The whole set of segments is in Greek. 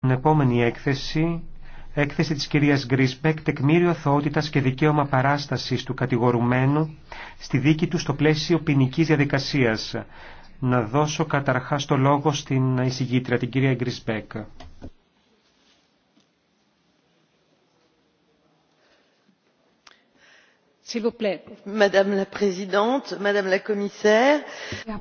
Την επόμενη έκθεση, έκθεση της κυρίας Γκρίσπεκ, τεκμήριο αθωότητας και δικαίωμα παράστασης του κατηγορουμένου στη δίκη του στο πλαίσιο ποινική διαδικασίας. Να δώσω καταρχάς το λόγο στην εισηγήτρια, την κυρία Γκρίσπεκ. Κυρία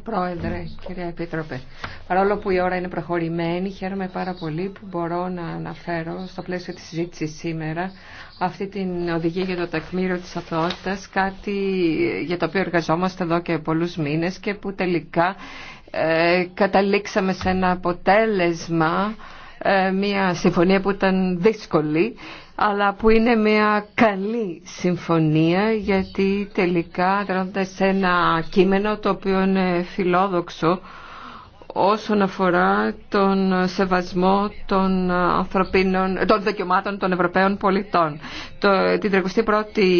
Πρόεδρε, κύριε Επίτροπε, παρόλο που η ώρα είναι προχωρημένη, χαίρομαι πάρα πολύ που μπορώ να αναφέρω στο πλαίσιο της συζήτησης σήμερα αυτή την οδηγία για το τεκμήριο της αθωότητας, κάτι για το οποίο εργαζόμαστε εδώ και πολλούς μήνες και που τελικά ε, καταλήξαμε σε ένα αποτέλεσμα, ε, μια συμφωνία που ήταν δύσκολη αλλά που είναι μια καλή συμφωνία γιατί τελικά τρώνεται σε ένα κείμενο το οποίο είναι φιλόδοξο όσον αφορά τον σεβασμό των, ανθρωπίνων, των δικαιωμάτων των Ευρωπαίων πολιτών. Το, την 31η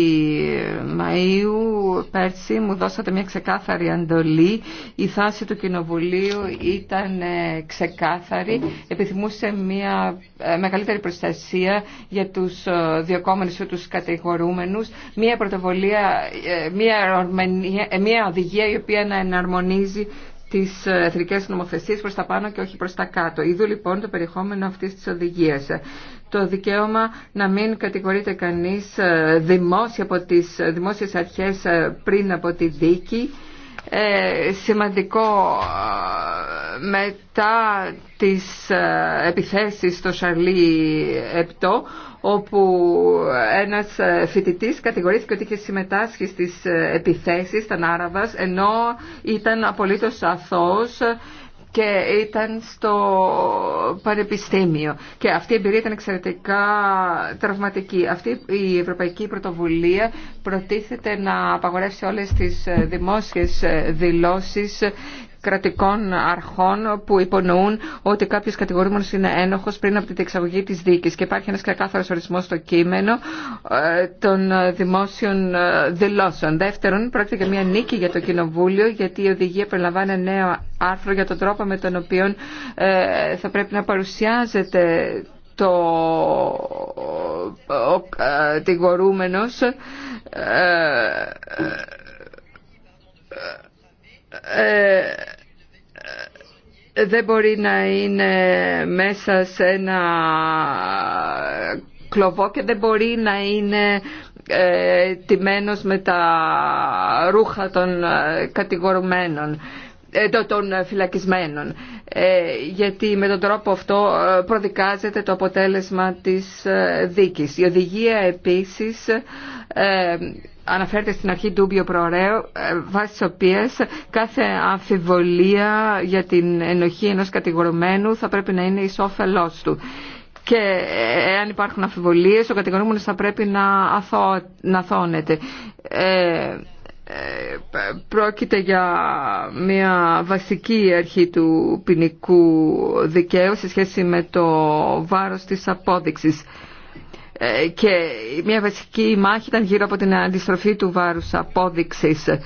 Μαΐου πέρσι μου δώσατε μια ξεκάθαρη αντολή. Η θάση του Κοινοβουλίου ήταν ε, ξεκάθαρη. Επιθυμούσε μια ε, μεγαλύτερη προστασία για τους ε, διοκόμενους ή τους κατηγορούμενους. Μια πρωτοβολία, μια, μια οδηγία η οποία να εναρμονίζει τι ε, εθνικέ νομοθεσίε, προς τα πάνω και όχι προς τα κάτω. Είδου λοιπόν το περιεχόμενο αυτής της οδηγίας. Το δικαίωμα να μην κατηγορείται κανεί ε, δημόσια από τις ε, δημόσιες αρχές πριν από τη δίκη ε, σημαντικό ε, μετά τις ε, επιθέσεις στο Σαρλί Επτό όπου ένας φοιτητής κατηγορήθηκε ότι είχε συμμετάσχει στις επιθέσεις στα Άραβας ενώ ήταν απολύτως αθώος και ήταν στο πανεπιστήμιο. Και αυτή η εμπειρία ήταν εξαιρετικά τραυματική. Αυτή η Ευρωπαϊκή Πρωτοβουλία προτίθεται να απαγορεύσει όλες τις δημόσιες δηλώσεις κρατικών αρχών που υπονοούν ότι κάποιο κατηγορούμενο είναι ένοχο πριν από την εξαγωγή τη δίκη. Και υπάρχει ένα ξεκάθαρο ορισμό στο κείμενο ε, των δημόσιων ε, δηλώσεων. Δεύτερον, πρόκειται για μια νίκη για το Κοινοβούλιο, γιατί η οδηγία περιλαμβάνει ένα νέο άρθρο για τον τρόπο με τον οποίο ε, θα πρέπει να παρουσιάζεται το ο κατηγορούμενος δεν μπορεί να είναι μέσα σε ένα κλωβό και δεν μπορεί να είναι ε, τιμένος με τα ρούχα των ε, κατηγορουμένων ε, των φυλακισμένων ε, γιατί με τον τρόπο αυτό προδικάζεται το αποτέλεσμα της δίκης. Η οδηγία επίσης αναφέρεται στην αρχή του προωρέου, ε, βάσει τη κάθε αμφιβολία για την ενοχή ενό κατηγορουμένου θα πρέπει να είναι ει όφελός του. Και ε, εάν υπάρχουν αμφιβολίε, ο κατηγορούμενος θα πρέπει να, αθώ, να αθώνεται. Ε, ε πρόκειται για μια βασική αρχή του ποινικού δικαίου σε σχέση με το βάρος της απόδειξης. Ε, και μια βασική μάχη ήταν γύρω από την αντιστροφή του βάρους απόδειξης ε,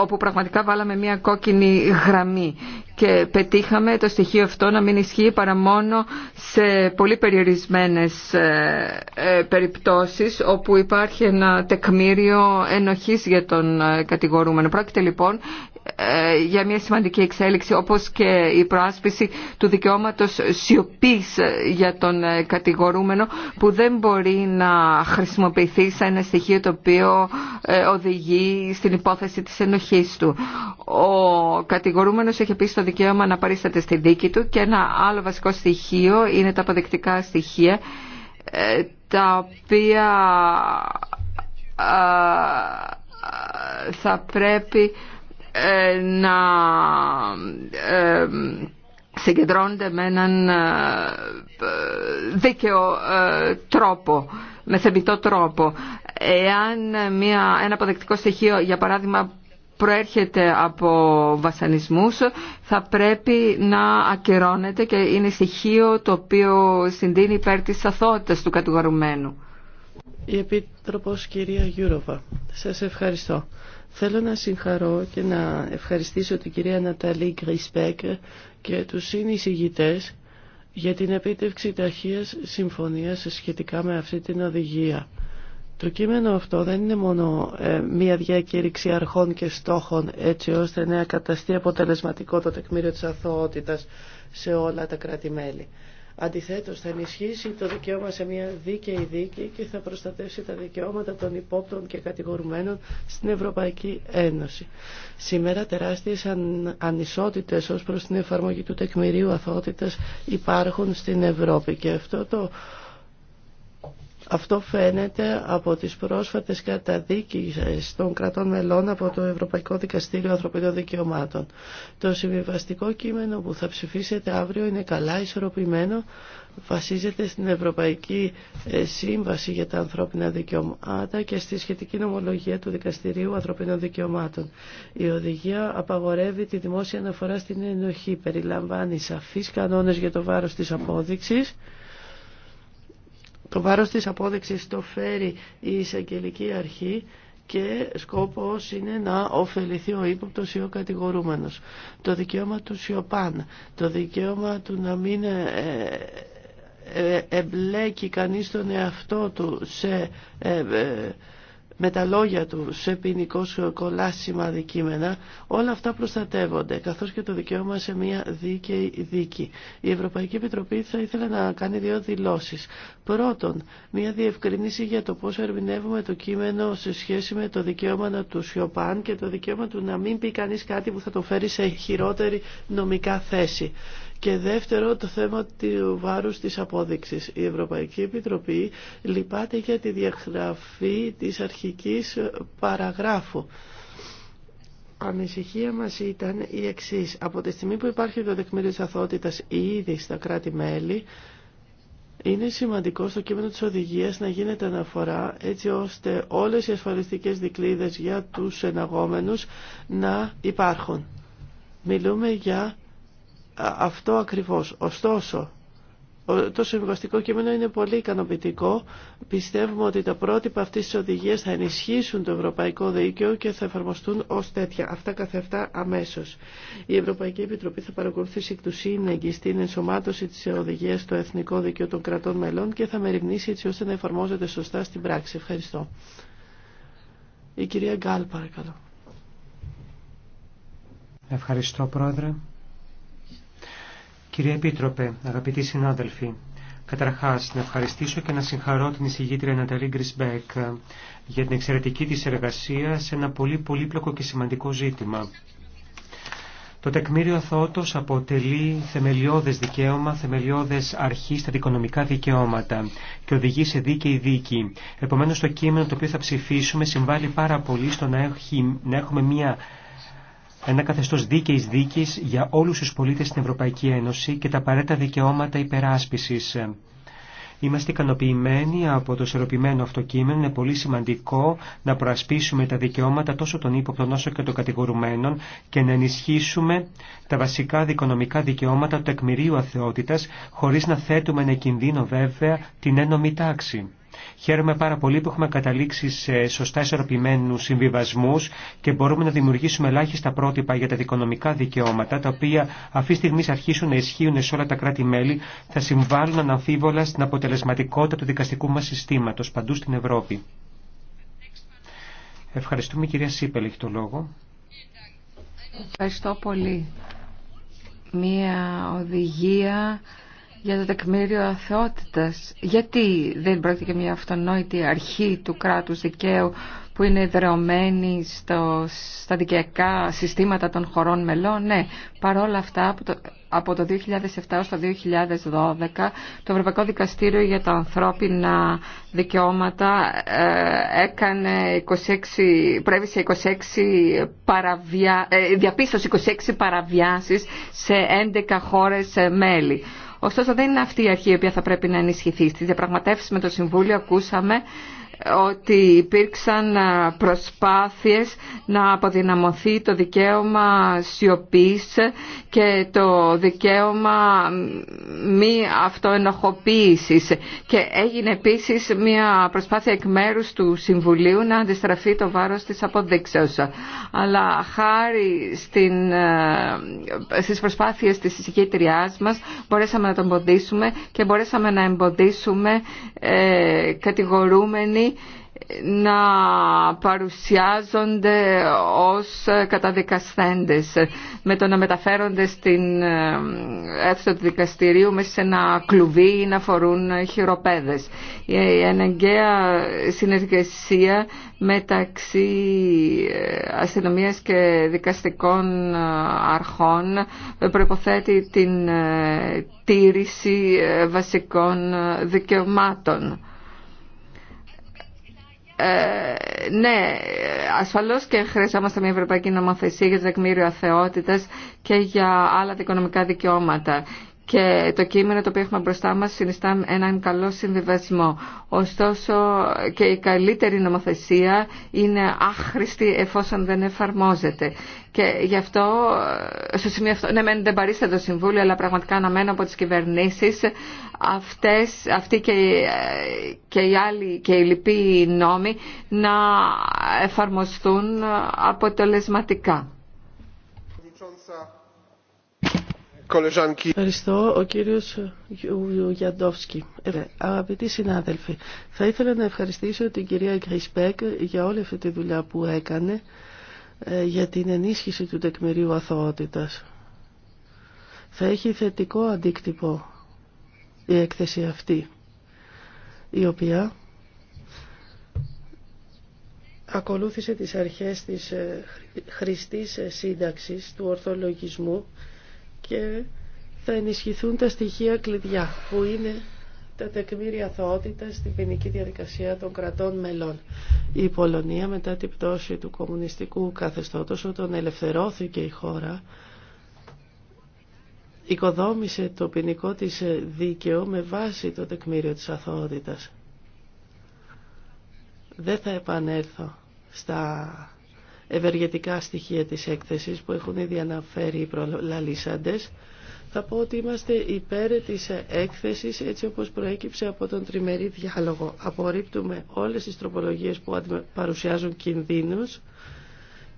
όπου πραγματικά βάλαμε μια κόκκινη γραμμή και πετύχαμε το στοιχείο αυτό να μην ισχύει παρά μόνο σε πολύ περιορισμένες ε, ε, περιπτώσεις όπου υπάρχει ένα τεκμήριο ενοχής για τον ε, κατηγορούμενο. Πρόκειται λοιπόν για μια σημαντική εξέλιξη όπως και η προάσπιση του δικαιώματος σιωπή για τον κατηγορούμενο που δεν μπορεί να χρησιμοποιηθεί σαν ένα στοιχείο το οποίο οδηγεί στην υπόθεση της ενοχής του. Ο κατηγορούμενος έχει επίσης δικαίωμα να παρίσταται στη δίκη του και ένα άλλο βασικό στοιχείο είναι τα αποδεκτικά στοιχεία ε, τα οποία ε, θα πρέπει ε, να συγκεντρώνονται με έναν δίκαιο τρόπο, με θεμητό τρόπο. Εάν μια, ένα αποδεκτικό στοιχείο, για παράδειγμα, προέρχεται από βασανισμούς θα πρέπει να ακυρώνεται και είναι στοιχείο το οποίο συντείνει υπέρ της αθότητας του κατηγορουμένου. Η Επίτροπος κυρία Γιούροβα, σας ευχαριστώ. Θέλω να συγχαρώ και να ευχαριστήσω την κυρία Ναταλή Γκρισπέκ και τους συνεισηγητές για την επίτευξη ταχείας συμφωνίας σχετικά με αυτή την οδηγία. Το κείμενο αυτό δεν είναι μόνο ε, μία διακήρυξη αρχών και στόχων έτσι ώστε να καταστεί αποτελεσματικό το τεκμήριο της αθωότητας σε όλα τα κράτη-μέλη. Αντιθέτως θα ενισχύσει το δικαίωμα σε μια δίκαιη δίκη και θα προστατεύσει τα δικαιώματα των υπόπτων και κατηγορουμένων στην Ευρωπαϊκή Ένωση. Σήμερα τεράστιες ανισότητες ως προς την εφαρμογή του τεκμηρίου αθωότητας υπάρχουν στην Ευρώπη και αυτό το αυτό φαίνεται από τις πρόσφατες καταδίκες των κρατών μελών από το Ευρωπαϊκό Δικαστήριο Ανθρωπίνων Δικαιωμάτων. Το συμβιβαστικό κείμενο που θα ψηφίσετε αύριο είναι καλά ισορροπημένο, βασίζεται στην Ευρωπαϊκή ε, Σύμβαση για τα Ανθρώπινα Δικαιωμάτα και στη σχετική νομολογία του Δικαστηρίου Ανθρωπίνων Δικαιωμάτων. Η οδηγία απαγορεύει τη δημόσια αναφορά στην ενοχή, περιλαμβάνει σαφείς κανόνες για το βάρος της απόδειξης, το βάρος της απόδειξης το φέρει η εισαγγελική αρχή και σκόπος είναι να ωφεληθεί ο ύποπτος ή ο κατηγορούμενος. Το δικαίωμα του σιωπάν, το δικαίωμα του να μην ε, ε, ε, εμπλέκει κανείς τον εαυτό του σε με τα λόγια του σε ποινικό κολάσιμα δικείμενα, όλα αυτά προστατεύονται, καθώς και το δικαίωμα σε μια δίκαιη δίκη. Η Ευρωπαϊκή Επιτροπή θα ήθελε να κάνει δύο δηλώσεις. Πρώτον, μια διευκρινήση για το πώς ερμηνεύουμε το κείμενο σε σχέση με το δικαίωμα του Σιωπάν και το δικαίωμα του να μην πει κανείς κάτι που θα το φέρει σε χειρότερη νομικά θέση. Και δεύτερο, το θέμα του βάρους της απόδειξης. Η Ευρωπαϊκή Επιτροπή λυπάται για τη διαγραφή της αρχικής παραγράφου. Ανησυχία μας ήταν η εξής. Από τη στιγμή που υπάρχει το δεκμήριο της αθότητας ήδη στα κράτη-μέλη, είναι σημαντικό στο κείμενο της οδηγίας να γίνεται αναφορά έτσι ώστε όλες οι ασφαλιστικές δικλείδες για τους εναγόμενους να υπάρχουν. Μιλούμε για αυτό ακριβώς. Ωστόσο, το συμβαστικό κείμενο είναι πολύ ικανοποιητικό. Πιστεύουμε ότι τα πρότυπα αυτής της οδηγίας θα ενισχύσουν το ευρωπαϊκό δίκαιο και θα εφαρμοστούν ως τέτοια. Αυτά καθεφτά αμέσως. Η Ευρωπαϊκή Επιτροπή θα παρακολουθήσει εκ του σύνεγγυ στην ενσωμάτωση της οδηγίας στο εθνικό δίκαιο των κρατών μελών και θα μεριμνήσει έτσι ώστε να εφαρμόζεται σωστά στην πράξη. Ευχαριστώ. Η κυρία Γκάλ παρακαλώ. Ευχαριστώ πρόεδρε. Κύριε Επίτροπε, αγαπητοί συνάδελφοι, καταρχάς να ευχαριστήσω και να συγχαρώ την εισηγήτρια Ναταλή Γκρισμπέκ για την εξαιρετική της εργασία σε ένα πολύ πολύπλοκο και σημαντικό ζήτημα. Το τεκμήριο Θότος αποτελεί θεμελιώδες δικαίωμα, θεμελιώδες αρχή στα δικονομικά δικαιώματα και οδηγεί σε δίκαιη δίκη. Επομένως το κείμενο το οποίο θα ψηφίσουμε συμβάλλει πάρα πολύ στο να, έχουμε μια ένα καθεστώς δίκαιη δίκη για όλους τους πολίτες στην Ευρωπαϊκή Ένωση και τα απαραίτητα δικαιώματα υπεράσπισης. Είμαστε ικανοποιημένοι από το σερωπημένο αυτό κείμενο. Είναι πολύ σημαντικό να προασπίσουμε τα δικαιώματα τόσο των ύποπτων όσο και των κατηγορουμένων και να ενισχύσουμε τα βασικά δικονομικά δικαιώματα του τεκμηρίου αθεότητας χωρίς να θέτουμε ένα κινδύνο βέβαια την ένωμη τάξη. Χαίρομαι πάρα πολύ που έχουμε καταλήξει σε σωστά ισορροπημένου συμβιβασμού και μπορούμε να δημιουργήσουμε ελάχιστα πρότυπα για τα δικονομικά δικαιώματα, τα οποία αυτή τη στιγμή αρχίσουν να ισχύουν σε όλα τα κράτη-μέλη, θα συμβάλλουν αναμφίβολα στην αποτελεσματικότητα του δικαστικού μα συστήματο παντού στην Ευρώπη. Ευχαριστούμε κυρία Σίπελ, έχει το λόγο. Ευχαριστώ πολύ. Μία οδηγία για το τεκμήριο αθεότητας. Γιατί δεν πρόκειται και μια αυτονόητη αρχή του κράτους δικαίου που είναι δρεωμένη στα δικαιακά συστήματα των χωρών μελών. Ναι, παρόλα αυτά από το, από το 2007 έως το 2012 το Ευρωπαϊκό Δικαστήριο για τα Ανθρώπινα Δικαιώματα ε, έκανε 26, πρέπει σε 26 παραβια, διαπίστωση 26 παραβιάσεις σε 11 χώρες μέλη. Ωστόσο δεν είναι αυτή η αρχή η οποία θα πρέπει να ενισχυθεί. Στι διαπραγματεύσει με το Συμβούλιο ακούσαμε ότι υπήρξαν προσπάθειες να αποδυναμωθεί το δικαίωμα σιωπής και το δικαίωμα μη αυτοενοχοποίησης και έγινε επίσης μια προσπάθεια εκ μέρους του Συμβουλίου να αντιστραφεί το βάρος της αποδείξεως. Αλλά χάρη στην, στις προσπάθειες της συγκεκριάς μας μπορέσαμε να τον εμποδίσουμε και μπορέσαμε να εμποδίσουμε ε, κατηγορούμενοι να παρουσιάζονται ως καταδικαστέντες, με το να μεταφέρονται στην ε, αίθουσα του δικαστηρίου μέσα σε ένα κλουβί ή να φορούν χειροπέδες. Η αναγκαία συνεργασία μεταξύ ε, αστυνομίας και δικαστικών ε, αρχών προϋποθέτει την τήρηση βασικών δικαιωμάτων ε, ναι, ασφαλώς και χρειαζόμαστε μια ευρωπαϊκή νομοθεσία για το δεκμήριο αθεότητας και για άλλα οικονομικά δικαιώματα και το κείμενο το οποίο έχουμε μπροστά μας συνιστά έναν καλό συνδυασμό. Ωστόσο και η καλύτερη νομοθεσία είναι άχρηστη εφόσον δεν εφαρμόζεται. Και γι' αυτό, στο σημείο αυτό, ναι μεν δεν παρήστε το Συμβούλιο, αλλά πραγματικά αναμένω από τις κυβερνήσεις αυτές, αυτοί και, οι άλλοι και οι λοιποί νόμοι να εφαρμοστούν αποτελεσματικά. Ευχαριστώ. Ο κύριος Γιαντόφσκι. Ε, αγαπητοί συνάδελφοι, θα ήθελα να ευχαριστήσω την κυρία Γκρισπέκ για όλη αυτή τη δουλειά που έκανε ε, για την ενίσχυση του τεκμηρίου αθωότητας. Θα έχει θετικό αντίκτυπο η έκθεση αυτή, η οποία ακολούθησε τις αρχές της ε, χρηστής σύνταξης του ορθολογισμού και θα ενισχυθούν τα στοιχεία κλειδιά που είναι τα τεκμήρια αθωότητα στην ποινική διαδικασία των κρατών μελών. Η Πολωνία μετά την πτώση του κομμουνιστικού καθεστώτος όταν ελευθερώθηκε η χώρα οικοδόμησε το ποινικό της δίκαιο με βάση το τεκμήριο της αθωότητας. Δεν θα επανέλθω στα ευεργετικά στοιχεία της έκθεσης που έχουν ήδη αναφέρει οι προλαλήσαντες. Θα πω ότι είμαστε υπέρ της έκθεσης έτσι όπως προέκυψε από τον τριμερή διάλογο. Απορρίπτουμε όλες τις τροπολογίες που παρουσιάζουν κινδύνους,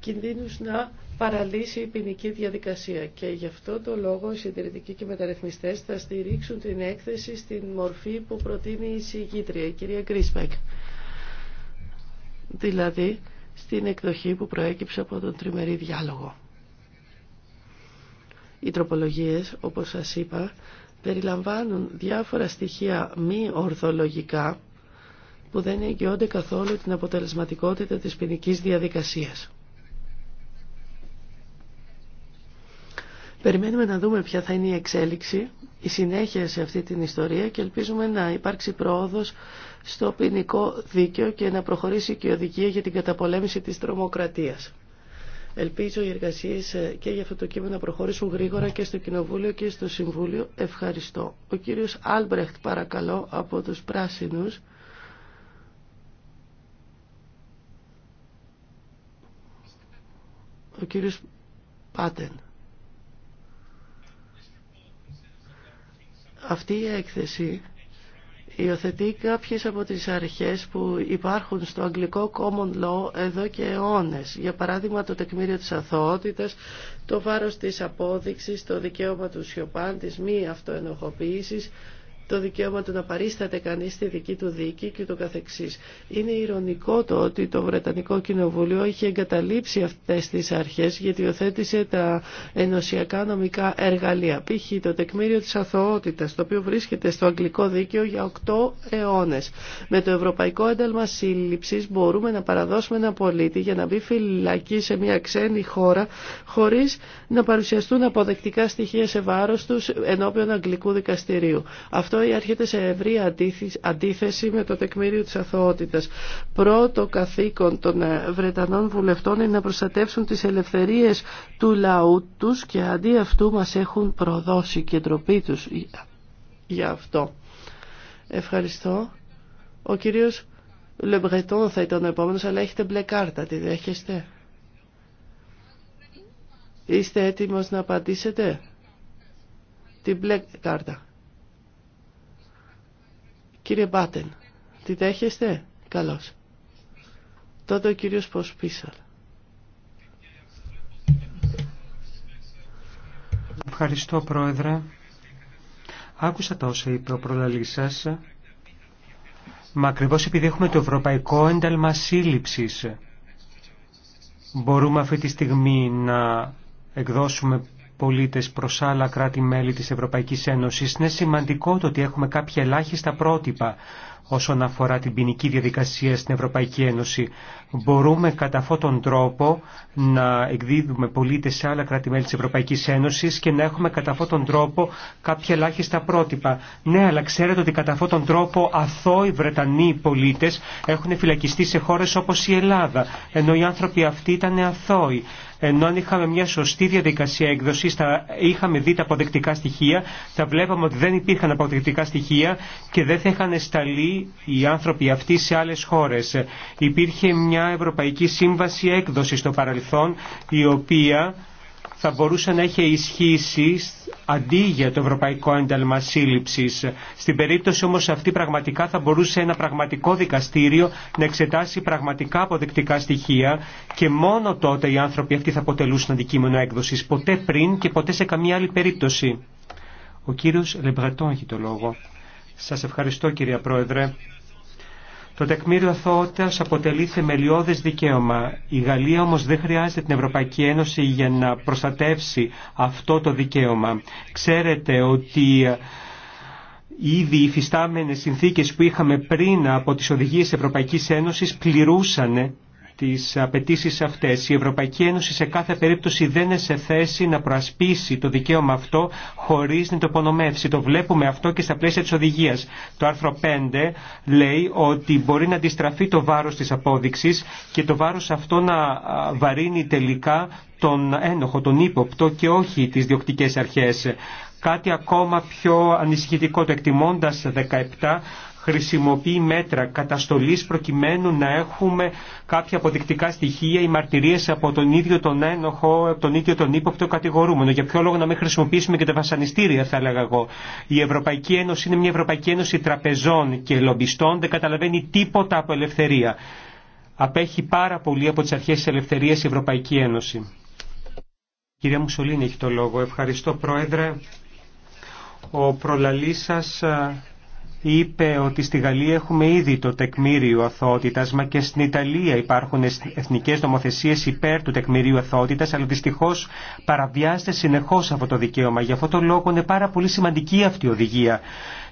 κινδύνους να παραλύσει η ποινική διαδικασία. Και γι' αυτό το λόγο οι συντηρητικοί και μεταρρυθμιστές θα στηρίξουν την έκθεση στην μορφή που προτείνει η συγκήτρια, η κυρία Γκρίσπεκ. Δηλαδή, στην εκδοχή που προέκυψε από τον τριμερή διάλογο. Οι τροπολογίες, όπως σας είπα, περιλαμβάνουν διάφορα στοιχεία μη ορθολογικά που δεν εγγυώνται καθόλου την αποτελεσματικότητα της ποινική διαδικασίας. Περιμένουμε να δούμε ποια θα είναι η εξέλιξη η συνέχεια σε αυτή την ιστορία και ελπίζουμε να υπάρξει πρόοδος στο ποινικό δίκαιο και να προχωρήσει και η οδηγία για την καταπολέμηση της τρομοκρατίας. Ελπίζω οι εργασίες ε, και για αυτό το κείμενο να προχωρήσουν γρήγορα και στο Κοινοβούλιο και στο Συμβούλιο. Ευχαριστώ. Ο κύριος Άλμπρεχτ παρακαλώ από τους Πράσινους. Ο κύριος Πάτεν. Αυτή η έκθεση υιοθετεί κάποιες από τις αρχές που υπάρχουν στο αγγλικό common law εδώ και αιώνες. Για παράδειγμα το τεκμήριο της αθωότητας, το βάρος της απόδειξης, το δικαίωμα του σιωπάν, της μη αυτοενοχοποίησης, το δικαίωμα του να παρίσταται κανεί στη δική του δίκη και το καθεξή. Είναι ηρωνικό το ότι το Βρετανικό Κοινοβούλιο έχει εγκαταλείψει αυτέ τι αρχέ γιατί οθέτησε τα ενωσιακά νομικά εργαλεία. Π.χ. το τεκμήριο τη αθωότητας το οποίο βρίσκεται στο αγγλικό δίκαιο για 8 αιώνε. Με το Ευρωπαϊκό Ένταλμα Σύλληψης μπορούμε να παραδώσουμε ένα πολίτη για να μπει φυλακή σε μια ξένη χώρα χωρί να παρουσιαστούν αποδεκτικά στοιχεία σε βάρο του ενώπιον αγγλικού δικαστηρίου. Αυτό ή έρχεται σε ευρύ αντίθεση με το τεκμήριο της αθωότητας. Πρώτο καθήκον των ε, Βρετανών βουλευτών είναι να προστατεύσουν τις ελευθερίες του λαού τους και αντί αυτού μας έχουν προδώσει και ντροπή τους για αυτό. Ευχαριστώ. Ο κύριος Λεμπρετών θα ήταν ο επόμενος, αλλά έχετε μπλε κάρτα, τη δέχεστε. Είστε έτοιμος να απαντήσετε την μπλε κάρτα. Κύριε Μπάτεν, τι δέχεστε? Καλώς. Τότε ο κύριος Ποσπίσαλ. Ευχαριστώ, Πρόεδρε. Άκουσα τα όσα είπε ο προλαλής σας. Μα ακριβώ επειδή έχουμε το Ευρωπαϊκό Ένταλμα σύλληψη, μπορούμε αυτή τη στιγμή να εκδώσουμε πολίτες προς άλλα κράτη-μέλη της Ευρωπαϊκής Ένωσης. Είναι σημαντικό το ότι έχουμε κάποια ελάχιστα πρότυπα όσον αφορά την ποινική διαδικασία στην Ευρωπαϊκή Ένωση. Μπορούμε κατά αυτόν τον τρόπο να εκδίδουμε πολίτες σε άλλα κράτη-μέλη της Ευρωπαϊκής Ένωσης και να έχουμε κατά αυτόν τον τρόπο κάποια ελάχιστα πρότυπα. Ναι, αλλά ξέρετε ότι κατά αυτόν τον τρόπο αθώοι Βρετανοί πολίτες έχουν φυλακιστεί σε χώρες όπως η Ελλάδα, ενώ οι άνθρωποι αυτοί ήταν αθώοι. Ενώ αν είχαμε μια σωστή διαδικασία έκδοση, θα είχαμε δει τα αποδεκτικά στοιχεία, θα βλέπαμε ότι δεν υπήρχαν αποδεκτικά στοιχεία και δεν θα είχαν σταλεί οι άνθρωποι αυτοί σε άλλε χώρε. Υπήρχε μια Ευρωπαϊκή Σύμβαση Έκδοση στο παρελθόν, η οποία θα μπορούσε να έχει ισχύσει αντί για το Ευρωπαϊκό Ένταλμα Σύλληψη. Στην περίπτωση όμω αυτή πραγματικά θα μπορούσε ένα πραγματικό δικαστήριο να εξετάσει πραγματικά αποδεικτικά στοιχεία και μόνο τότε οι άνθρωποι αυτοί θα αποτελούσαν αντικείμενο έκδοση. Ποτέ πριν και ποτέ σε καμία άλλη περίπτωση. Ο κύριο Λεμπρετόν έχει το λόγο. Σα ευχαριστώ κύριε Πρόεδρε. Το τεκμήριο θώτας αποτελεί θεμελιώδες δικαίωμα. Η Γαλλία όμως δεν χρειάζεται την Ευρωπαϊκή Ένωση για να προστατεύσει αυτό το δικαίωμα. Ξέρετε ότι ε, ήδη οι φυστάμενε συνθήκες που είχαμε πριν από τις οδηγίες Ευρωπαϊκής Ένωσης πληρούσαν τις απαιτήσει αυτές. Η Ευρωπαϊκή Ένωση σε κάθε περίπτωση δεν είναι σε θέση να προασπίσει το δικαίωμα αυτό χωρίς να το υπονομεύσει. Το βλέπουμε αυτό και στα πλαίσια της οδηγίας. Το άρθρο 5 λέει ότι μπορεί να αντιστραφεί το βάρος της απόδειξης και το βάρος αυτό να βαρύνει τελικά τον ένοχο, τον ύποπτο και όχι τις διοκτικές αρχές. Κάτι ακόμα πιο ανησυχητικό το εκτιμώντας 17 χρησιμοποιεί μέτρα καταστολής προκειμένου να έχουμε κάποια αποδεικτικά στοιχεία ή μαρτυρίες από τον ίδιο τον ένοχο, από τον ίδιο τον ύποπτο κατηγορούμενο. Για ποιο λόγο να μην χρησιμοποιήσουμε και τα βασανιστήρια θα έλεγα εγώ. Η Ευρωπαϊκή Ένωση είναι μια Ευρωπαϊκή Ένωση τραπεζών και λομπιστών, δεν καταλαβαίνει τίποτα από ελευθερία. Απέχει πάρα πολύ από τις αρχές της ελευθερίας η Ευρωπαϊκή Ένωση. Κυρία Μουσολίνη έχει το λόγο. Ευχαριστώ Πρόεδρε. Ο προλαλής σας είπε ότι στη Γαλλία έχουμε ήδη το τεκμήριο αθότητας, μα και στην Ιταλία υπάρχουν εθνικές νομοθεσίες υπέρ του τεκμηρίου αθότητας, αλλά δυστυχώς παραβιάζεται συνεχώς αυτό το δικαίωμα. Γι' αυτό τον λόγο είναι πάρα πολύ σημαντική αυτή η οδηγία.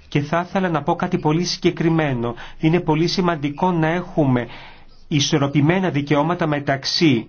Και θα ήθελα να πω κάτι πολύ συγκεκριμένο. Είναι πολύ σημαντικό να έχουμε ισορροπημένα δικαιώματα μεταξύ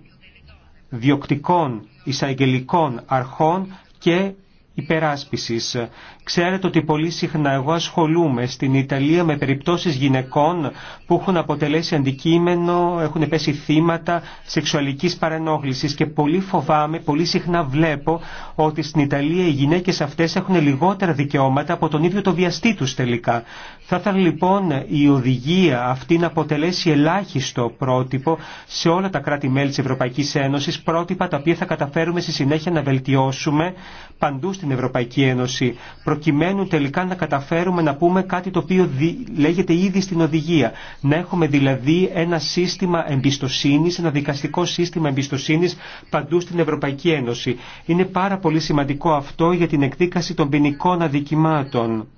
διοκτικών εισαγγελικών αρχών και υπεράσπισης. Ξέρετε ότι πολύ συχνά εγώ ασχολούμαι στην Ιταλία με περιπτώσεις γυναικών που έχουν αποτελέσει αντικείμενο, έχουν πέσει θύματα σεξουαλικής παρενόχλησης και πολύ φοβάμαι, πολύ συχνά βλέπω ότι στην Ιταλία οι γυναίκες αυτές έχουν λιγότερα δικαιώματα από τον ίδιο το βιαστή τους τελικά. Θα ήθελα λοιπόν η οδηγία αυτή να αποτελέσει ελάχιστο πρότυπο σε όλα τα κράτη-μέλη της Ευρωπαϊκής Ένωση πρότυπα τα οποία θα καταφέρουμε στη συνέχεια να βελτιώσουμε παντού στην Ευρωπαϊκή Ένωση, προκειμένου τελικά να καταφέρουμε να πούμε κάτι το οποίο λέγεται ήδη στην οδηγία. Να έχουμε δηλαδή ένα σύστημα εμπιστοσύνη, ένα δικαστικό σύστημα εμπιστοσύνη παντού στην Ευρωπαϊκή Ένωση. Είναι πάρα πολύ σημαντικό αυτό για την εκδίκαση των ποινικών αδικημάτων.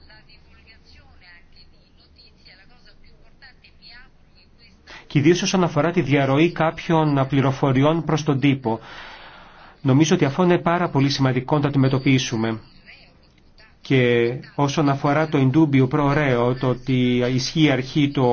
και ιδίω όσον αφορά τη διαρροή κάποιων πληροφοριών προς τον τύπο. Νομίζω ότι αυτό είναι πάρα πολύ σημαντικό να το αντιμετωπίσουμε. Και όσον αφορά το εντούμπιο προωρέο, το ότι ισχύει η αρχή το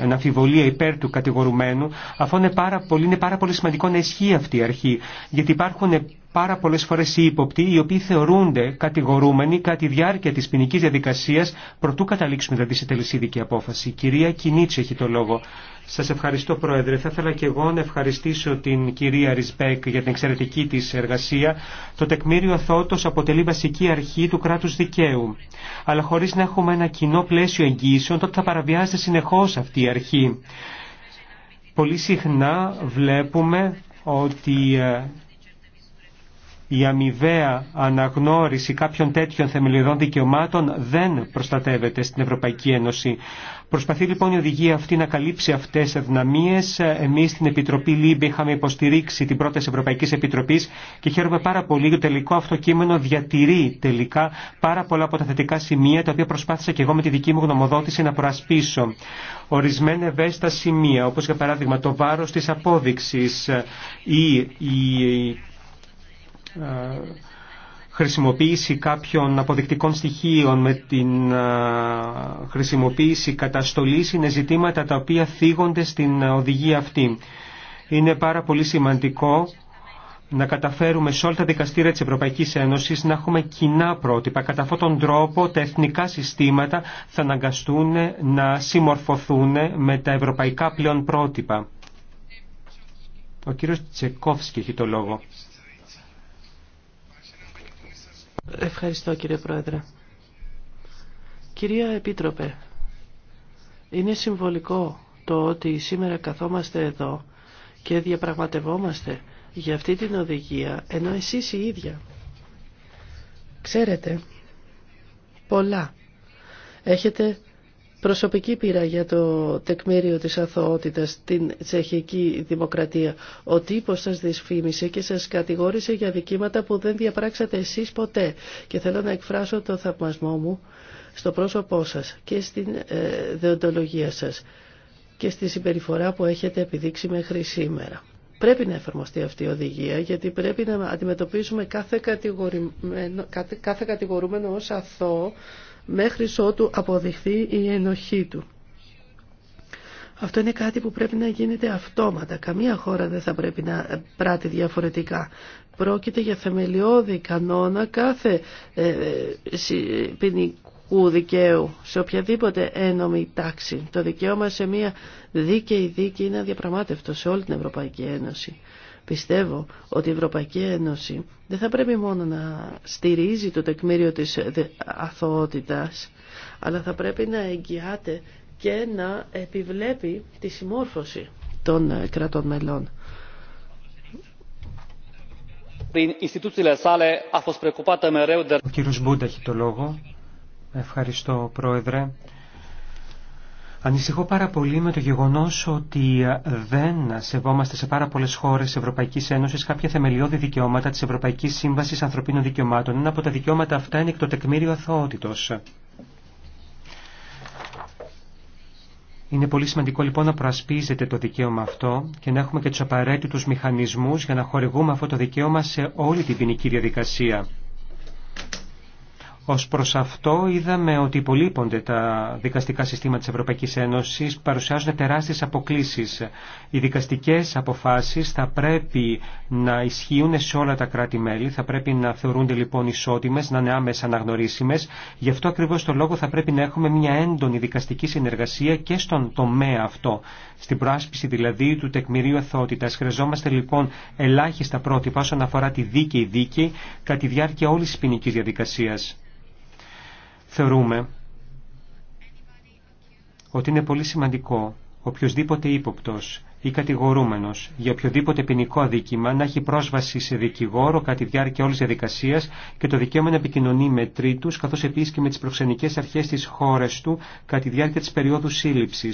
εναφιβολία υπέρ του κατηγορουμένου, αυτό είναι πάρα πολύ, είναι πάρα πολύ σημαντικό να ισχύει αυτή η αρχή. Γιατί υπάρχουν πάρα πολλέ φορέ οι ύποπτοι, οι οποίοι θεωρούνται κατηγορούμενοι κατά τη διάρκεια τη ποινική διαδικασία, προτού καταλήξουμε δηλαδή σε τελεσίδικη απόφαση. κυρία Κινίτση έχει το λόγο. Σα ευχαριστώ, Πρόεδρε. Θα ήθελα και εγώ να ευχαριστήσω την κυρία Ρισπέκ για την εξαιρετική τη εργασία. Το τεκμήριο θότο αποτελεί βασική αρχή του κράτου δικαίου. Αλλά χωρί να έχουμε ένα κοινό πλαίσιο εγγύσεων, τότε θα παραβιάζεται συνεχώ αυτή η αρχή. Πολύ συχνά βλέπουμε ότι ε, η αμοιβαία αναγνώριση κάποιων τέτοιων θεμελιωδών δικαιωμάτων δεν προστατεύεται στην Ευρωπαϊκή Ένωση. Προσπαθεί λοιπόν η οδηγία αυτή να καλύψει αυτέ τι αδυναμίε. Εμεί στην Επιτροπή Λίμπη είχαμε υποστηρίξει την πρόταση Ευρωπαϊκή Επιτροπή και χαίρομαι πάρα πολύ γιατί το τελικό αυτό κείμενο διατηρεί τελικά πάρα πολλά από τα θετικά σημεία τα οποία προσπάθησα και εγώ με τη δική μου γνωμοδότηση να προασπίσω. Ορισμένα ευαίσθητα σημεία, όπω για παράδειγμα το βάρο τη απόδειξη ή η ε, χρησιμοποίηση κάποιων αποδεικτικών στοιχείων, με την ε, χρησιμοποίηση καταστολής είναι ζητήματα τα οποία θίγονται στην οδηγία αυτή. Είναι πάρα πολύ σημαντικό να καταφέρουμε σε όλα τα δικαστήρια της Ευρωπαϊκής Ένωσης να έχουμε κοινά πρότυπα. Κατά αυτόν τον τρόπο τα εθνικά συστήματα θα αναγκαστούν να συμμορφωθούν με τα ευρωπαϊκά πλέον πρότυπα. Ο κύριος Τσεκόφσκι έχει το λόγο. Ευχαριστώ κύριε Πρόεδρε. Κυρία Επίτροπε, είναι συμβολικό το ότι σήμερα καθόμαστε εδώ και διαπραγματευόμαστε για αυτή την οδηγία, ενώ εσείς η ίδια ξέρετε πολλά. Έχετε προσωπική πείρα για το τεκμήριο της αθωότητας στην τσεχική δημοκρατία. Ο τύπος σας δυσφήμισε και σας κατηγόρησε για δικήματα που δεν διαπράξατε εσείς ποτέ και θέλω να εκφράσω το θαυμασμό μου στο πρόσωπό σας και στην ε, δεοντολογία σας και στη συμπεριφορά που έχετε επιδείξει μέχρι σήμερα. Πρέπει να εφαρμοστεί αυτή η οδηγία γιατί πρέπει να αντιμετωπίσουμε κάθε κατηγορούμενο, κάθε, κάθε κατηγορούμενο ως αθώο μέχρι ότου αποδειχθεί η ενοχή του. Αυτό είναι κάτι που πρέπει να γίνεται αυτόματα. Καμία χώρα δεν θα πρέπει να πράττει διαφορετικά. Πρόκειται για θεμελιώδη κανόνα κάθε ε, ε, ποινικού δικαίου σε οποιαδήποτε ένομη τάξη. Το δικαίωμα σε μια δίκαιη δίκη είναι αδιαπραγμάτευτο σε όλη την Ευρωπαϊκή Ένωση. Πιστεύω ότι η Ευρωπαϊκή Ένωση δεν θα πρέπει μόνο να στηρίζει το τεκμήριο της αθωότητας, αλλά θα πρέπει να εγγυάται και να επιβλέπει τη συμμόρφωση των ε, κρατών μελών. Ο κύριος Μπούντα το λόγο. Ευχαριστώ, Πρόεδρε. Ανησυχώ πάρα πολύ με το γεγονός ότι ε, δεν σεβόμαστε σε πάρα πολλές χώρες Ευρωπαϊκής Ένωσης κάποια θεμελιώδη δικαιώματα της Ευρωπαϊκής Σύμβασης Ανθρωπίνων Δικαιωμάτων. Ένα από τα δικαιώματα αυτά είναι εκ το τεκμήριο αθωότητος. Είναι πολύ σημαντικό λοιπόν να προασπίζεται το δικαίωμα αυτό και να έχουμε και τους απαραίτητους μηχανισμούς για να χορηγούμε αυτό το δικαίωμα σε όλη την ποινική διαδικασία. Ως προς αυτό είδαμε ότι υπολείπονται τα δικαστικά συστήματα της Ευρωπαϊκής Ένωσης, παρουσιάζουν τεράστιες αποκλίσεις. Οι δικαστικές αποφάσεις θα πρέπει να ισχύουν σε όλα τα κράτη-μέλη, θα πρέπει να θεωρούνται λοιπόν ισότιμες, να είναι άμεσα αναγνωρίσιμες. Γι' αυτό ακριβώς το λόγο θα πρέπει να έχουμε μια έντονη δικαστική συνεργασία και στον τομέα αυτό, στην προάσπιση δηλαδή του τεκμηρίου αθότητα. Χρειαζόμαστε λοιπόν ελάχιστα πρότυπα όσον αφορά τη δίκαιη δίκη, κατά τη διάρκεια όλη τη ποινική διαδικασία. Θεωρούμε ότι είναι πολύ σημαντικό οποιοδήποτε ύποπτο ή κατηγορούμενο για οποιοδήποτε ποινικό αδίκημα να έχει πρόσβαση σε δικηγόρο κατά τη διάρκεια όλη διαδικασία και το δικαίωμα να επικοινωνεί με τρίτου καθώ επίση και με τι προξενικέ αρχέ τη χώρα του κατά τη διάρκεια τη περίοδου σύλληψη.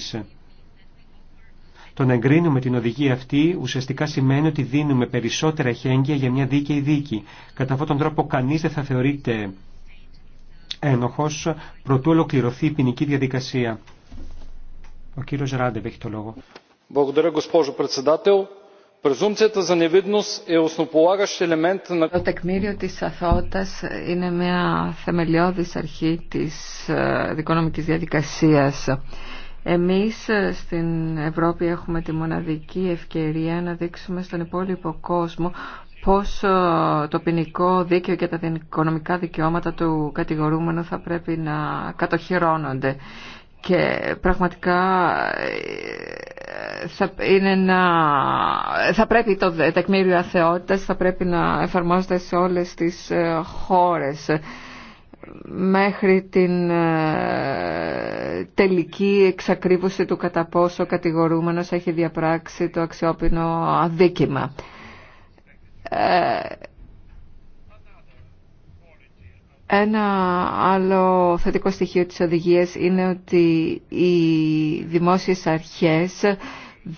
Το να εγκρίνουμε την οδηγία αυτή ουσιαστικά σημαίνει ότι δίνουμε περισσότερα χέγγια για μια δίκαιη δίκη. Κατά αυτόν τον τρόπο κανεί δεν θα θεωρείται ένοχος προτού ολοκληρωθεί η ποινική διαδικασία. Ο κύριος Ράντεβ έχει το λόγο. Το τεκμήριο της αθότητας είναι μια θεμελιώδης αρχή της δικονομικής ε, διαδικασίας. Εμείς ε, στην Ευρώπη έχουμε τη μοναδική ευκαιρία να δείξουμε στον υπόλοιπο κόσμο πώς ε, το ποινικό δίκαιο και τα οικονομικά δικαιώματα του κατηγορούμενου θα πρέπει να κατοχυρώνονται. Και πραγματικά ε, θα, είναι να... θα πρέπει το τεκμήριο αθεότητας θα πρέπει να εφαρμόζεται σε όλες τις ε, χώρες μέχρι την τελική εξακρίβωση του κατά πόσο ο κατηγορούμενος έχει διαπράξει το αξιόπινο αδίκημα. Ε, ένα άλλο θετικό στοιχείο της οδηγίας είναι ότι οι δημόσιες αρχές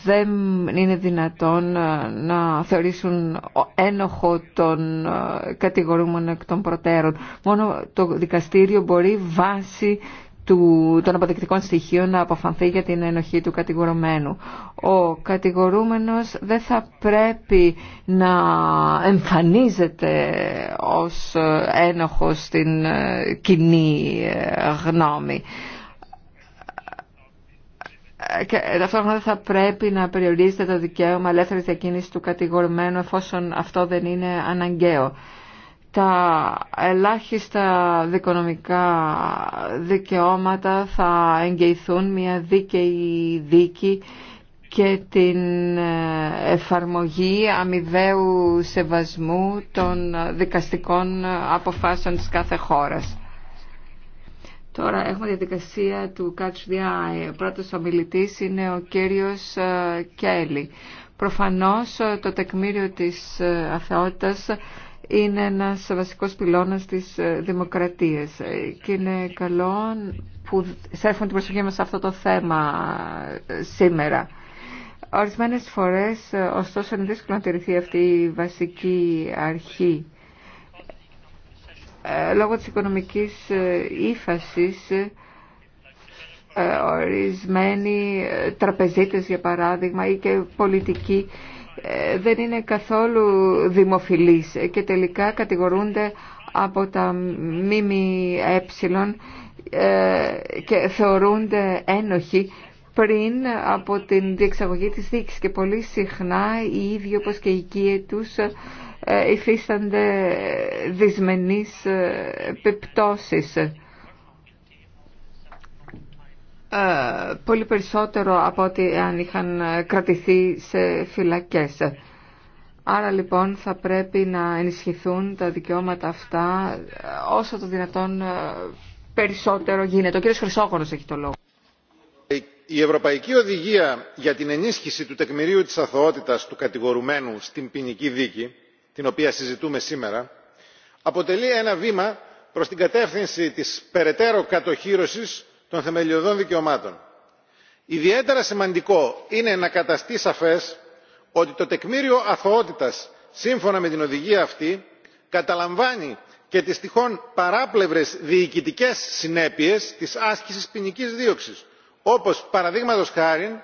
δεν είναι δυνατόν να θεωρήσουν ένοχο των ε, κατηγορούμενων εκ των προτέρων. Μόνο το δικαστήριο μπορεί βάσει του, των αποδεικτικών στοιχείων να αποφανθεί για την ενοχή του κατηγορουμένου. Ο κατηγορούμενος δεν θα πρέπει να εμφανίζεται ως ένοχος στην ε, κοινή ε, γνώμη. Και ταυτόχρονα δεν θα πρέπει να περιορίζεται το δικαίωμα ελεύθερη διακίνηση του κατηγορουμένου εφόσον αυτό δεν είναι αναγκαίο τα ελάχιστα δικονομικά δικαιώματα θα εγγυηθούν μια δίκαιη δίκη και την ε, εφαρμογή αμοιβαίου σεβασμού των δικαστικών αποφάσεων της κάθε χώρας. Τώρα έχουμε διαδικασία του Catch Ο πρώτος ομιλητής είναι ο κύριος ε, Κέλλη. Προφανώς ε, το τεκμήριο της αθεότητας είναι ένας βασικός πυλώνας της ε, δημοκρατίας ε, και είναι καλό που σέρφουν την προσοχή μας σε αυτό το θέμα ε, σήμερα. Ορισμένες φορές, ωστόσο, είναι δύσκολο να τηρηθεί αυτή η βασική αρχή. Λόγω της οικονομικής ύφασης, ορισμένοι τραπεζίτες, για παράδειγμα, ή και πολιτικοί, ε, δεν είναι καθόλου δημοφιλής και τελικά κατηγορούνται από τα ΜΜΕ ε, και θεωρούνται ένοχοι πριν από την διεξαγωγή της δίκης και πολύ συχνά οι ίδιοι όπως και οι οικοι τους ε, υφίστανται δυσμενείς πεπτώσεις. Ε, πολύ περισσότερο από ότι αν είχαν ε, κρατηθεί σε φυλακές. Άρα λοιπόν θα πρέπει να ενισχυθούν τα δικαιώματα αυτά ε, όσο το δυνατόν περισσότερο γίνεται. Ο κύριος Χρυσόγωνος έχει το λόγο. Η Ευρωπαϊκή Οδηγία για την ενίσχυση του τεκμηρίου της αθωότητας του κατηγορουμένου στην ποινική δίκη, την οποία συζητούμε σήμερα, αποτελεί ένα βήμα προς την κατεύθυνση της περαιτέρω κατοχήρωσης των θεμελιωδών δικαιωμάτων. ιδιαίτερα σημαντικό είναι να καταστεί σαφές ότι το τεκμήριο αθωότητας σύμφωνα με την οδηγία αυτή καταλαμβάνει και τις τυχόν παράπλευρες διοικητικές συνέπειες της άσκησης ποινική δίωξης όπως παραδείγματος χάριν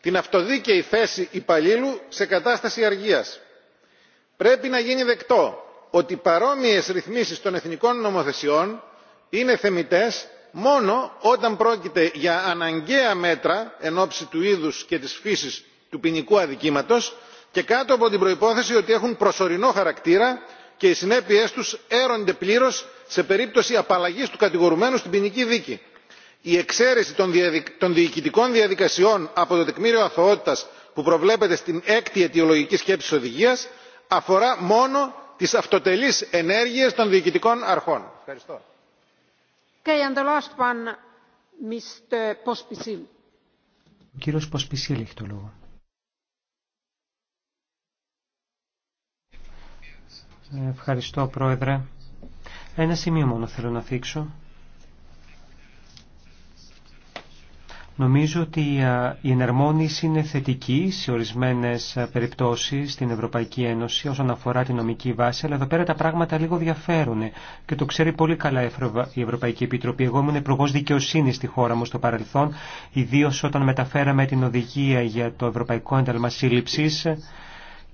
την αυτοδίκαιη θέση υπαλλήλου σε κατάσταση αργίας. πρέπει να γίνει δεκτό ότι παρόμοιες ρυθμίσεις των εθνικών νομοθεσιών είναι θεμιτές μόνο όταν πρόκειται για αναγκαία μέτρα εν ώψη του είδους και της φύσης του ποινικού αδικήματος και κάτω από την προϋπόθεση ότι έχουν προσωρινό χαρακτήρα και οι συνέπειές τους έρονται πλήρως σε περίπτωση απαλλαγής του κατηγορουμένου στην ποινική δίκη. η εξαίρεση των διοικητικών διαδικασιών από το τεκμήριο αθωότητας που προβλέπεται στην έκτη αιτιολογική σκέψη οδηγίας αφορά μόνο τις αυτοτελείς ενέργειες των διοικητικών αρχών. Ο κύριος Ποσπισίλ έχει το λόγο. Ευχαριστώ, Πρόεδρε. Ένα σημείο μόνο θέλω να θίξω. Νομίζω ότι η εναρμόνιση είναι θετική σε ορισμένες περιπτώσεις στην Ευρωπαϊκή Ένωση όσον αφορά την νομική βάση, αλλά εδώ πέρα τα πράγματα λίγο διαφέρουν και το ξέρει πολύ καλά η Ευρωπαϊκή Επιτροπή. Εγώ ήμουν υπουργός δικαιοσύνη στη χώρα μου στο παρελθόν, ιδίω όταν μεταφέραμε την οδηγία για το Ευρωπαϊκό Ένταλμα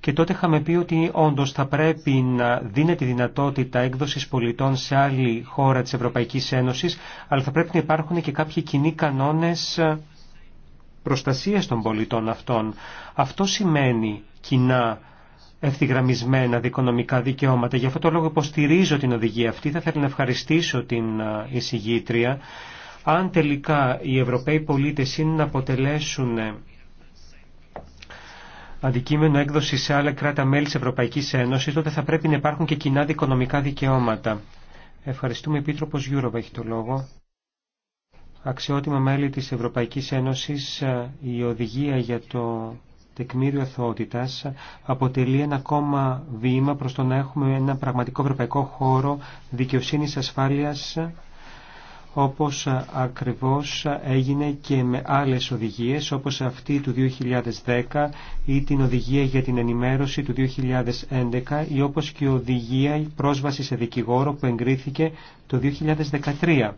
και τότε είχαμε πει ότι όντω θα πρέπει να δίνεται δυνατότητα έκδοση πολιτών σε άλλη χώρα τη Ευρωπαϊκή Ένωση, αλλά θα πρέπει να υπάρχουν και κάποιοι κοινοί κανόνε προστασία των πολιτών αυτών. Αυτό σημαίνει κοινά ευθυγραμμισμένα δικονομικά δικαιώματα. Γι' αυτό το λόγο υποστηρίζω την οδηγία αυτή. Θα ήθελα να ευχαριστήσω την εισηγήτρια. Αν τελικά οι Ευρωπαίοι πολίτες είναι να αποτελέσουν αντικείμενο έκδοση σε άλλα κράτα-μέλη τη Ευρωπαϊκή Ένωση, τότε θα πρέπει να υπάρχουν και κοινά δικονομικά δικαιώματα. Ευχαριστούμε, Επίτροπο Γιούροβα έχει το λόγο. Αξιότιμα μέλη της Ευρωπαϊκής Ένωσης, η οδηγία για το τεκμήριο αθωότητας αποτελεί ένα ακόμα βήμα προς το να έχουμε ένα πραγματικό ευρωπαϊκό χώρο δικαιοσύνη ασφάλειας όπως ακριβώς έγινε και με άλλες οδηγίες όπως αυτή του 2010 ή την οδηγία για την ενημέρωση του 2011 ή όπως και η οδηγία πρόσβαση σε δικηγόρο που εγκρίθηκε το 2013.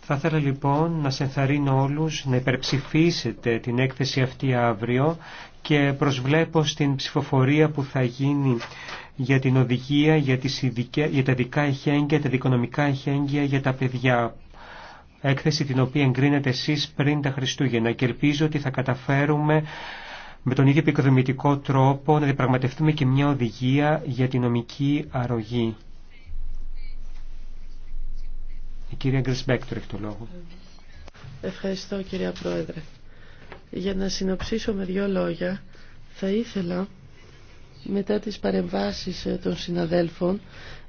Θα ήθελα λοιπόν να σε ενθαρρύνω όλους να υπερψηφίσετε την έκθεση αυτή αύριο και προσβλέπω στην ψηφοφορία που θα γίνει για την οδηγία, για, τις για τα δικά τα δικονομικά εχέγγυα για τα παιδιά. Έκθεση την οποία εγκρίνετε εσείς πριν τα Χριστούγεννα και ελπίζω ότι θα καταφέρουμε με τον ίδιο επικοδομητικό τρόπο να διαπραγματευτούμε και μια οδηγία για την νομική αρρωγή. Η κυρία Γκρισμπέκτορ, έχει το λόγο. Ευχαριστώ κυρία Πρόεδρε. Για να συνοψίσω με δύο λόγια, θα ήθελα μετά τις παρεμβάσεις ε, των συναδέλφων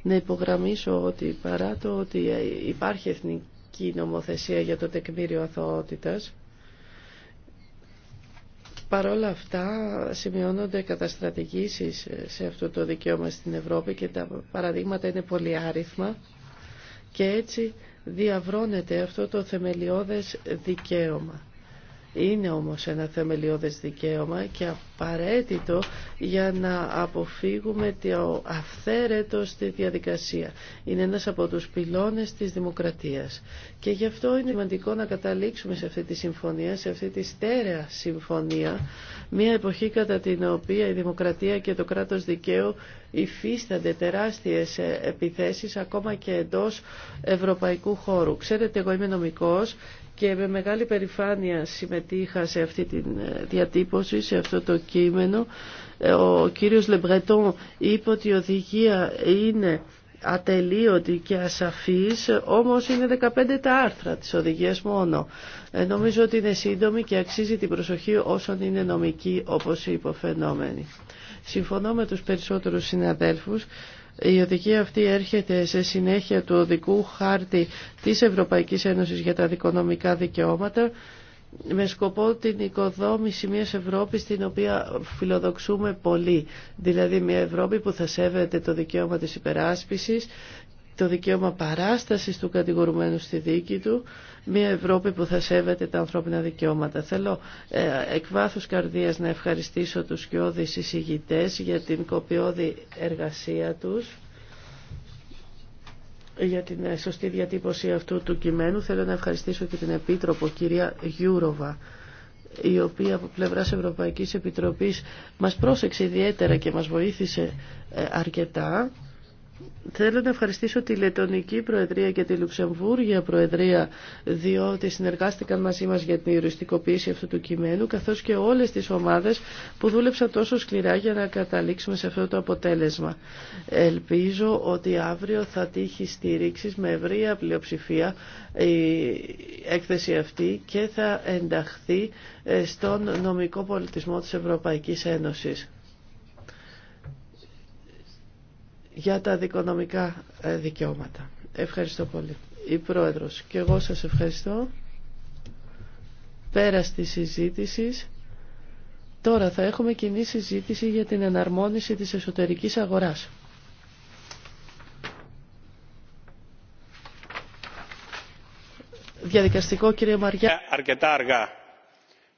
να υπογραμμίσω ότι παρά το ότι ε, υπάρχει εθνική νομοθεσία για το τεκμήριο αθωότητας παρόλα αυτά σημειώνονται καταστρατηγήσεις ε, σε αυτό το δικαίωμα στην Ευρώπη και τα παραδείγματα είναι πολύ άριθμα και έτσι διαβρώνεται αυτό το θεμελιώδες δικαίωμα. Είναι όμως ένα θεμελιώδες δικαίωμα και απαραίτητο για να αποφύγουμε το αυθαίρετο στη διαδικασία. Είναι ένας από τους πυλώνες της δημοκρατίας. Και γι' αυτό είναι σημαντικό να καταλήξουμε σε αυτή τη συμφωνία, σε αυτή τη στέρεα συμφωνία, μια εποχή κατά την οποία η δημοκρατία και το κράτος δικαίου υφίστανται τεράστιες επιθέσεις ακόμα και εντός ευρωπαϊκού χώρου. Ξέρετε, εγώ είμαι νομικός και με μεγάλη περηφάνεια συμμετείχα σε αυτή τη ε, διατύπωση, σε αυτό το κείμενο. Ε, ο κύριος Λεμπρετόν είπε ότι η οδηγία είναι ατελείωτη και ασαφής, όμως είναι 15 τα άρθρα της οδηγίας μόνο. Ε, νομίζω ότι είναι σύντομη και αξίζει την προσοχή όσων είναι νομική όπως οι υποφαινόμενοι. Συμφωνώ με τους περισσότερους συναδέλφους η οδηγία αυτή έρχεται σε συνέχεια του οδικού χάρτη της Ευρωπαϊκής Ένωσης για τα δικονομικά δικαιώματα με σκοπό την οικοδόμηση μιας Ευρώπης την οποία φιλοδοξούμε πολύ. Δηλαδή μια Ευρώπη που θα σέβεται το δικαίωμα της υπεράσπισης το δικαίωμα παράστασης του κατηγορουμένου στη δίκη του, μια Ευρώπη που θα σέβεται τα ανθρώπινα δικαιώματα. Θέλω ε, εκ βάθους καρδίας να ευχαριστήσω τους σκιώδης εισηγητές για την κοπιώδη εργασία τους για την ε, σωστή διατύπωση αυτού του κειμένου. Θέλω να ευχαριστήσω και την Επίτροπο, κυρία Γιούροβα, η οποία από πλευράς Ευρωπαϊκής Επιτροπής μας πρόσεξε ιδιαίτερα και μας βοήθησε ε, αρκετά. Θέλω να ευχαριστήσω τη Λετωνική Προεδρία και τη Λουξεμβούργια Προεδρία διότι συνεργάστηκαν μαζί μας για την οριστικοποίηση αυτού του κειμένου καθώς και όλες τις ομάδες που δούλεψαν τόσο σκληρά για να καταλήξουμε σε αυτό το αποτέλεσμα. Ελπίζω ότι αύριο θα τύχει στήριξη με ευρεία πλειοψηφία η έκθεση αυτή και θα ενταχθεί ε, στον νομικό πολιτισμό της Ευρωπαϊκής Ένωσης. για τα δικονομικά ε, δικαιώματα. Ευχαριστώ πολύ. Η Πρόεδρος και εγώ σας ευχαριστώ. Πέρα τη συζήτηση. Τώρα θα έχουμε κοινή συζήτηση για την εναρμόνιση της εσωτερικής αγοράς. Διαδικαστικό κύριε Μαριά. Ε, αρκετά αργά.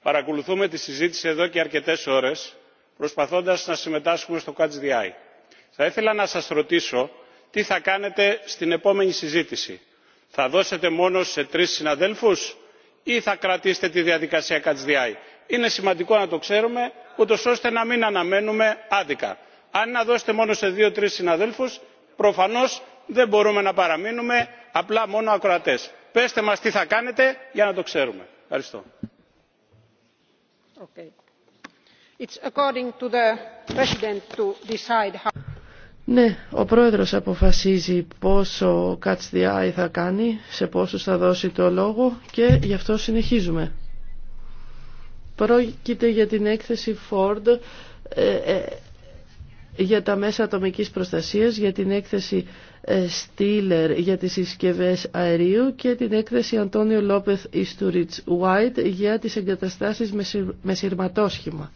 Παρακολουθούμε τη συζήτηση εδώ και αρκετές ώρες, προσπαθώντας να συμμετάσχουμε στο ΚΑΤΣΔΙ θα ήθελα να σας ρωτήσω τι θα κάνετε στην επόμενη συζήτηση θα δώσετε μόνο σε τρεις συναδέλφους ή θα κρατήσετε τη διαδικασία catch είναι σημαντικό να το ξέρουμε ούτως ώστε να μην αναμένουμε άδικα. αν να δώσετε μόνο σε δύο τρεις συναδέλφους προφανώς δεν μπορούμε να παραμείνουμε απλά μόνο ακροατές. πέστε μας τι θα κάνετε για να το ξέρουμε. ευχαριστώ. Ναι, ο πρόεδρος αποφασίζει πόσο Catch the Eye θα κάνει, σε πόσους θα δώσει το λόγο και γι' αυτό συνεχίζουμε. Πρόκειται για την έκθεση Ford ε, ε, για τα μέσα ατομικής προστασίας, για την έκθεση ε, για τις συσκευές αερίου και την έκθεση Αντώνιο Λόπεθ Ιστουριτς White για τις εγκαταστάσεις με, σειρ, σειρματόσχημα.